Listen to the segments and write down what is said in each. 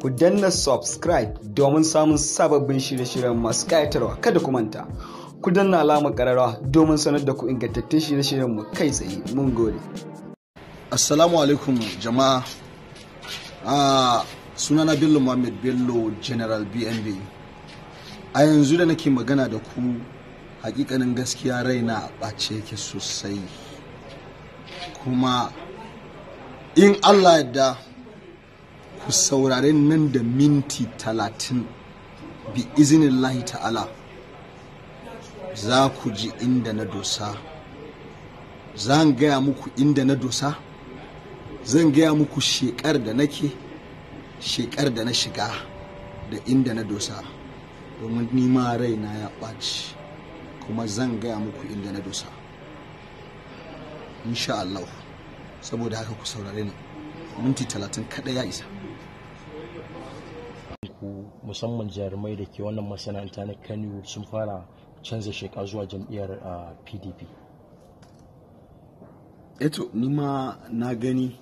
ku danna subscribe domin samun sababbin shirye-shiryen masu ƙayatarwa kada ku manta ku danna alamar ƙararwa domin sanar da ku ingantattun shirye-shiryen mu kai tsaye mun gode assalamu alaikum jama'a a ah, sunana bello muhammad bello general bnb a yanzu da nake magana da ku hakikanin gaskiya raina a ɓace yake sosai kuma in allah yadda ku saurare nan da minti talatin bi izinin lahi ta'ala za ku ji inda na dosa zan gaya muku inda na dosa zan gaya muku shekar da nake shekar da na shiga da inda na dosa domin nima na ya ɓaci kuma zan gaya muku inda na dosa insha saboda haka ku saurare ni minti talatin kaɗai ya isa musamman jarumai da ke wannan masana'anta na kano sun fara canza sheka zuwa jam'iyyar pdp eto nima na gani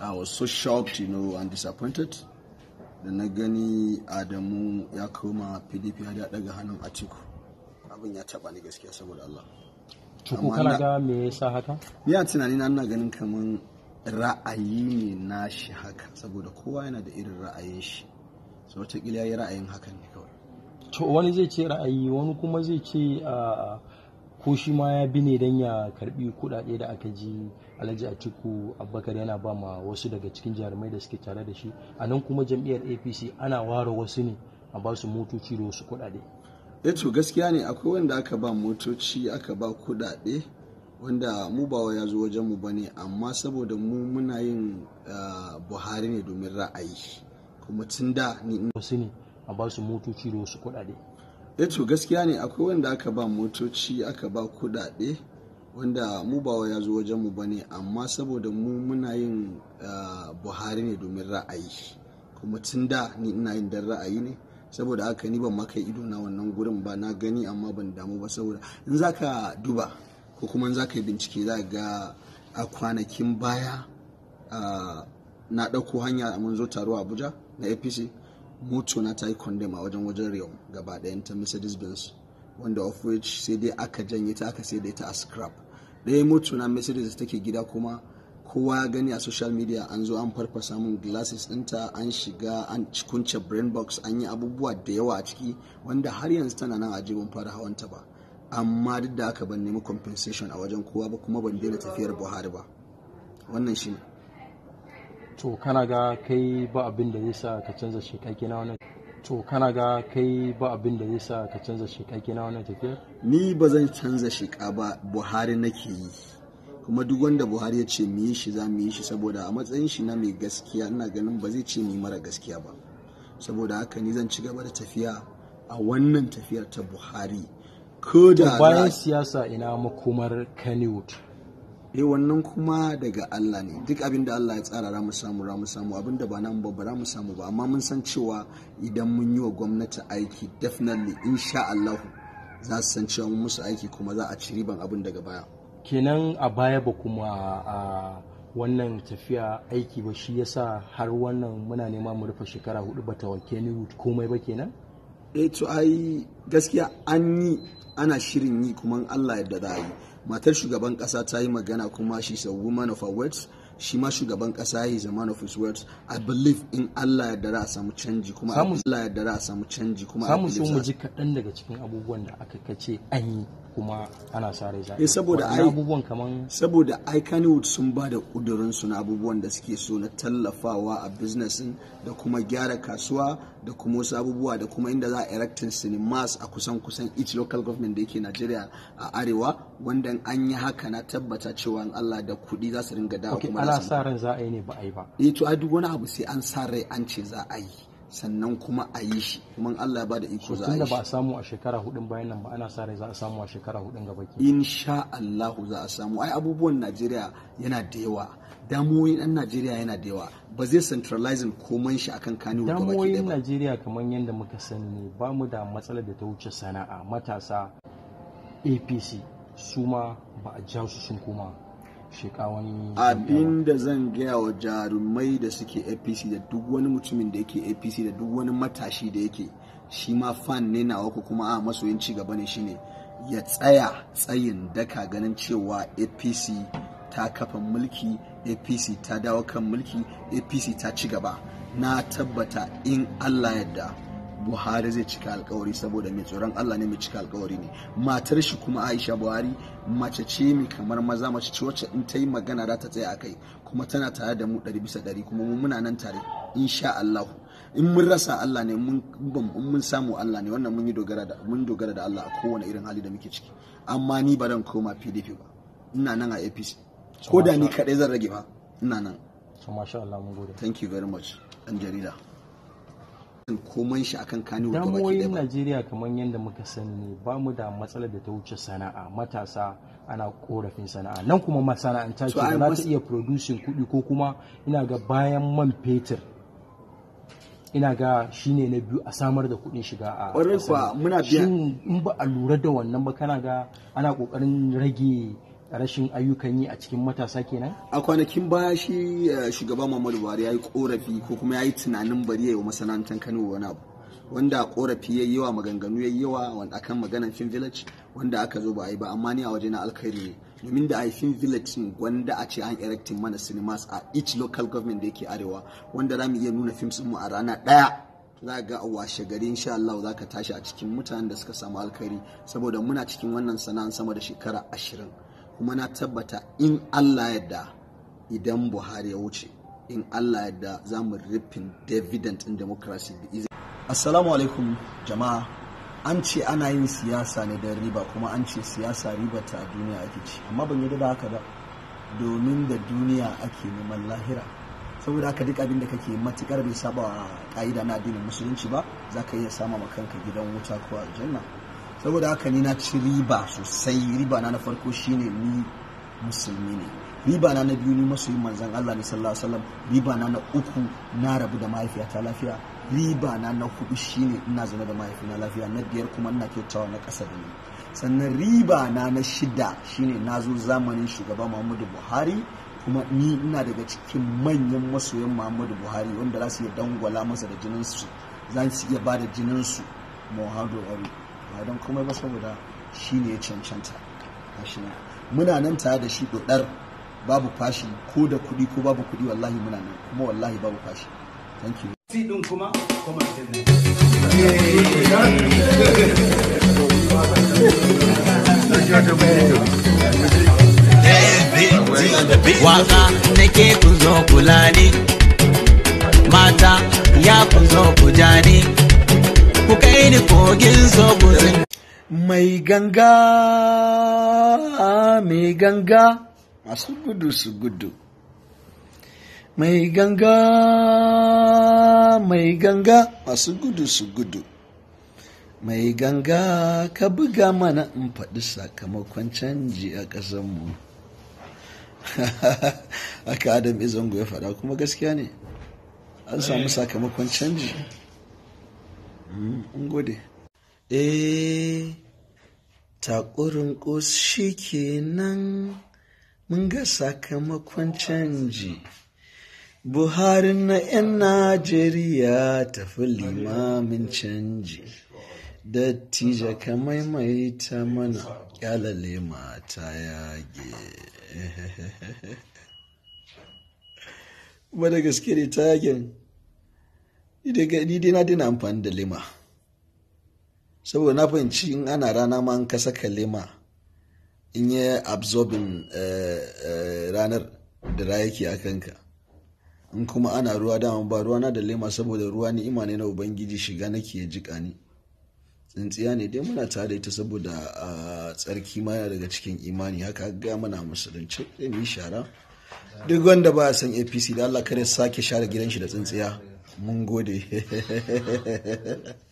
i was so shocked you know and disappointed da na gani adamu ya koma pdp ya daga hannun a ciku abin ya taba ni gaskiya saboda allah Cuku kana ga me yasa haka? Ni a tunani na ganin kamar ra'ayi ne na shi haka saboda kowa yana da irin ra'ayin shi. so wataƙila ya yi ra'ayin hakan ne kawai to wani zai ce ra'ayi wani kuma zai ce a ko shi ma ya bi ne don ya karbi kuɗaɗe da aka ji alhaji atiku abubakar yana ba ma wasu daga cikin jarumai da suke tare da shi a nan kuma jam'iyyar apc ana ware wasu ne a ba su motoci da wasu kuɗaɗe eto eh gaskiya ne akwai wanda aka ba motoci aka ba kuɗaɗe wanda mu ba ya zo wajen mu bane amma saboda mu muna yin buhari ne domin ra'ayi kuma tun da ni wasu ne a ba su motoci da wasu kuɗaɗe ya eh to gaskiya ne akwai wanda aka ba motoci aka ba kuɗaɗe wanda mu ba ya zo wajen mu bane amma saboda mu muna yin ah, buhari ne domin ra'ayi kuma tun da ni ina yin dan ra'ayi ne saboda haka ni ban maka ido na wannan gurin ba na gani amma ban damu ba saboda in zaka duba ko kuma in zaka yi bincike za ga a kwanakin baya ah, na ɗauko hanya mun zo taro abuja na apc na ta yi condemn a wajen wajen riyom gaba ɗayan ta mercedes benz wanda of which sai dai aka janye ta aka sai dai ta a scrap ɗaya na mercedes take gida kuma kowa ya gani a social media an zo an farfa samun glasses ɗinta an shiga an kunce brain box an yi abubuwa da yawa a ciki wanda har yanzu tana nan a jibin fara hawanta ba amma duk da aka ban nemi compensation a wajen kowa ba kuma ban daina tafiyar buhari ba wannan shi to kana ga kai ba abin da zai sa ka canza shekaki na wannan to kana ga kai ba abin da zai sa ka canza shekaki na wannan tafiyar ni ba zan canza sheka ba buhari nake yi kuma duk wanda buhari ya ce mu yi shi za mu yi shi saboda a matsayin shi na mai gaskiya ina ganin ba zai ce ni mara gaskiya ba saboda haka ni zan ci gaba da tafiya a wannan tafiyar ta buhari ko da bayan siyasa ina makomar kannywood eh wannan kuma daga Allah ne duk abin da Allah ya tsara ra mu samu ra mu samu abin da ba nan ba ba mu samu ba amma mun san cewa idan mun yi wa gwamnati aiki definitely insha Allah za su san cewa mun musu aiki kuma za a ci riban abin daga baya kenan a baya ba kuma a wannan tafiya aiki ba shi yasa har wannan muna nema mu rufe shekara hudu ba ta wanke ni komai ba kenan eh to ai gaskiya an yi ana shirin yi kuma Allah yadda za a yi matar shugaban kasa ta yi magana kuma shi a woman of her words shi ma shugaban kasa ya yi a man of his words i believe in Allah ya dara a samu canji kuma Allah ya dara a samu canji kuma samu so mu ji kaɗan daga cikin abubuwan da aka kace an yi kuma ana sa rai eh, saboda abubuwan kaman saboda ai sun ba da kudurin su na abubuwan da suke so na tallafawa a businessin da kuma gyara kasuwa da kuma wasu abubuwa da kuma inda za a erecting cinemas a kusan kusan each local government da yake nigeria a arewa wanda an yi haka na tabbata cewa in Allah da kuɗi za su ringa da kuma ana sa ran za a yi ne ba a yi ba eh to a duk wani abu sai an sa rai an ce za a yi sannan kuma a yi shi kuma Allah ya bada iko za a yi shi. ba a samu a shekara hudun bayan nan ba ana sa rai za a samu a shekara hudun gaba ke. Insha Allahu za a samu ai abubuwan Najeriya yana da yawa damoyin ɗan Najeriya yana da yawa ba zai centralizing komai shi akan kani gaba damoyin Najeriya kamar yadda muka sani ne ba mu da matsalar da ta wuce sana'a matasa APC suma ba a ja su sun koma abin da zan gaya wa jarumai da suke apc da duk wani mutumin da yake apc da duk wani matashi da yake shi ma fan ne nawa wako kuma a masoyin ci gaba ne shine ya tsaya tsayin daka ganin cewa apc ta kafa mulki apc ta dawo kan mulki apc ta ci gaba na tabbata in allah yadda buhari zai cika alkawari saboda mai tsoron allah ne mai cika alkawari ne matar shi kuma aisha buhari mace ce mai kamar maza mace ce wacce in ta yi magana za ta tsaye a kai kuma tana tare da mu ɗari bisa ɗari kuma mu muna nan tare insha allah in mun rasa allah ne mun mun samu allah ne wannan mun yi dogara da mun dogara da allah a kowane irin hali da muke ciki amma ni ba zan koma pdp ba ina nan a apc ko da ni kaɗai zan rage ba ina nan so masha allah mun gode thank you very much ɗan jarida kan koman shi akan kani da najeriya kamar yadda muka sani ba mu da matsalar da ta wuce sana'a matasa ana korafin sana'a nan kuma masana'anta ce za ta iya producing kuɗi ko kuma ina ga bayan man fetur ina ga shine na biyu a samar da kuɗin shiga a ƙwarar muna in ba a lura da wannan ba kana ga ana ƙoƙarin rage rashin ayyukan yi a cikin matasa kenan a kwanakin baya shi eh, shugaba muhammadu buhari ya yi korafi ko kuma ya yi tunanin bari ya yi wa masana'antar kano wani abu wanda korafi ya yi wa maganganu ya yi wa wanda akan maganar Fin village wanda aka zo ba a yi ba amma ni a waje na alkhairi ne domin da a yi Fin village wanda a ce an erecting mana cinemas a each local government da yake arewa wanda za mu iya nuna fim mu a rana ɗaya. za ga a washe gari insha Allah za ka tashi a cikin mutanen da suka samu alkhairi saboda muna cikin wannan sana'an sama da shekara ashirin kuma na tabbata in Allah yadda idan Buhari ya wuce in Allah yadda za mu rufin dividend in democracy da izi. Assalamu alaikum jama'a an ce ana yin siyasa ne don riba kuma an ce siyasa riba ta duniya ake ci amma ban yi da haka ba domin da duniya ake neman lahira saboda haka duk abin da kake matukar bai saba ka'ida na addinin musulunci ba za ka iya sama kanka gidan wuta ko aljanna saboda haka ni na ci riba sosai riba na na farko shine ni musulmi ne riba na na biyu ni masoyin manzan Allah ne sallallahu alaihi wasallam riba na na uku na rabu da mahaifiyata lafiya riba na na hudu shine ina zaune da mahaifina lafiya na biyar kuma ina kyautawa na kasa da ni sannan riba na na shida shine na zo zamanin shugaba Muhammadu Buhari kuma ni ina daga cikin manyan masoyan Muhammadu Buhari wanda za su iya dangwala masa da jininsu za su iya ba da jininsu Muhammadu Buhari ba don komai ba saboda shi ne ya cancanta muna nan tare da shi dodar babu fashi ko da kuɗi ko babu kuɗi wallahi muna nan kuma wallahi babu fashi thank you din kuma kuma Waka nake kun zo kula ni mata ya kun zo ku kai ni mai ganga mai ganga masu gudu su gudu mai ganga mai ganga masu gudu su gudu mai ganga ka buga mana in faɗi sakamakon canji a ƙasanmu haka adam izango ya faɗa kuma gaskiya ne an samu eh. sakamakon canji in mm, gode eh takurin ƙos shi kenan mun ga sakamakon canji buhari na 'yan najeriya tafi limamin canji dattija ka maimaita mana kyalale mata yage ba da gaske ne ta yagen ni dai na daina amfani da lema saboda na fahimci in ana rana ma an ka saka lema in yi absorbing eh, eh, ranar da ra yake a kanka in kuma ana ruwa dama ba ruwa na da lema saboda ruwa ni ne na ubangiji shiga nake jika ni tsintsiya ne dai muna tare ita saboda a ah, tsarki yana daga cikin imani haka ga mana musulunci zai yi shara duk wanda ba son apc da allah kare sake share gidan shi da tsintsiya mun gode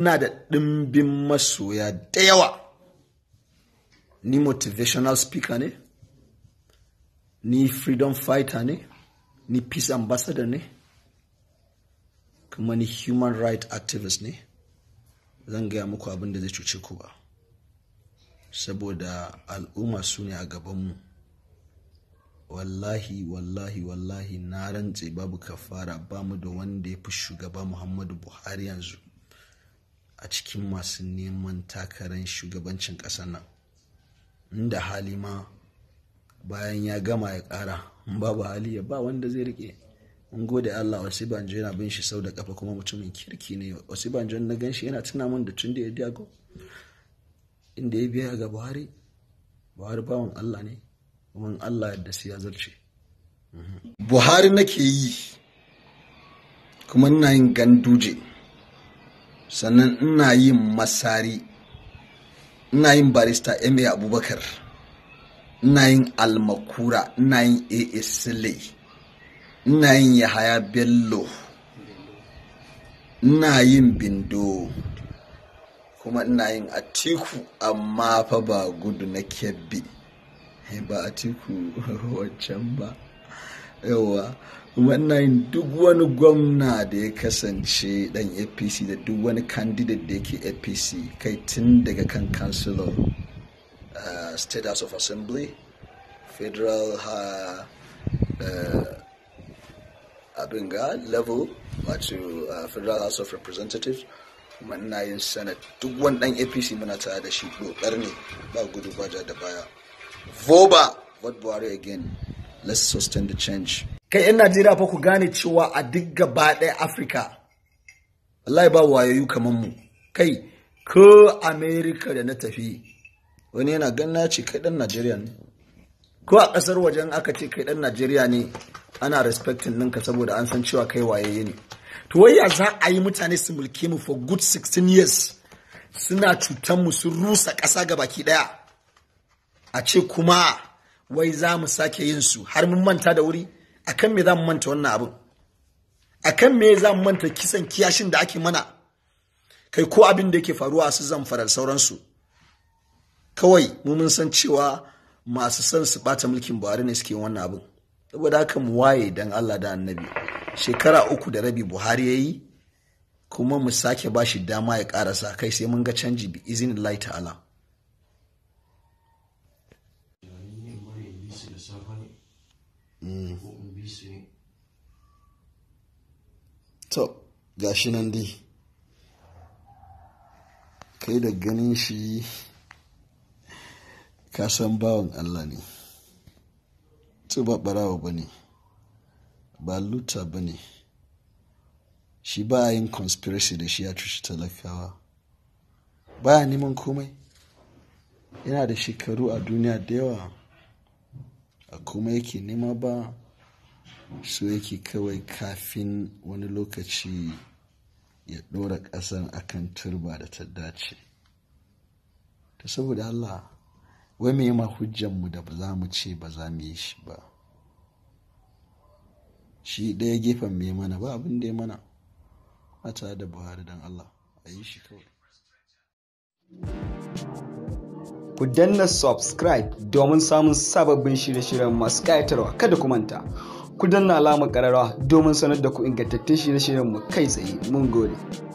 ina da ɗimbin masoya da yawa ni motivational speaker ne ni freedom fighter ne ni peace ambassador ne kuma ni human right activist ne zan gaya muku abin da zai cuce ku ba saboda al'umma su ne a gabanmu wallahi wallahi wallahi na rantse babu kafara ba mu da wanda ya fi shugaba muhammadu buhari yanzu a cikin masu neman takarar shugabancin ƙasar nan inda hali ma bayan ya gama ya ƙara babu hali ya ba wanda zai rike in gode Allah wasu banjo yana bin shi sau da kafa kuma mutumin kirki ne wasu banjo na gan yana tuna min da tun da ya diago inda ya biya ga Buhari Buhari bawan Allah ne kuma Allah yadda su ya zarce Buhari nake yi kuma ina yin ganduje sannan ina yin masari ina yin barista ma abubakar ina yin almakura ina yin aa ina yin yahaya bello ina yin bindo kuma ina yin atiku amma fa ba gudu na kebbi Eh, ba a tiku waccan ba yawa wannan duk wani gwamna da ya kasance dan apc da duk wani candidate da yake apc kai tun daga kan council of eh, state house of assembly federal uh, eh, uh, abinga level wato federal house of representatives muna yin senate duk wani dan apc muna tare da shi dokar ne ba gudu ba da baya Voba, what Buhari again? Let's sustain the change. Kai 'yan Najeriya fa ku gane cewa a duk gaba ɗaya Afirka, wallahi ba wayoyi kaman mu. Kai, ko Amerika da na tafi, wani yana ganna ce kai ɗan Najeriya ne. Ko a ƙasar wajen aka ce kai ɗan Najeriya ne, ana respectin ɗinka saboda an san cewa kai waye ne. To wai ya za a yi mutane su mulke mu for good 16 years suna cutan mu sun rusa ƙasa ga baki ɗaya. a ce kuma wai za mu sake yin su har mun manta da wuri akan me za mu manta wannan abin akan me za mu manta kisan kiyashin da ake mana kai ko abin da yake faruwa su zamfarar sauransu kawai mu mun san cewa masu son su bata mulkin buhari ne suke wannan abin saboda haka mu waye dan allah da annabi shekara uku da rabi buhari ya yi kuma mu sake ba shi dama ya karasa kai sai mun ga canji bi izinin lai ta'ala Mm. to ga shi nan dai kai da ganin shi ka san bawan allah ne to ba barawa ba ne ba luta ba ne shi ba yin conspiracy da shi ya cuci talakawa ba neman komai yana da shekaru a duniya da yawa ba kuma yake nema ba su yake kawai kafin wani lokaci ya ɗora ƙasar akan turba da ta dace ta saboda allah wai mai ma hujjanmu da ba za mu ce ba za mu yi shi ba shi ɗaya gefen me mana ba abin da ya mana a tare da buhari don allah a yi shi kawai ku danna subscribe domin samun sababbin shirye-shiryen masu ƙayatarwa kada ku manta ku danna alamar ƙararwa domin sanar da ku ingantattun shirye-shiryen mu kai tsaye mun gode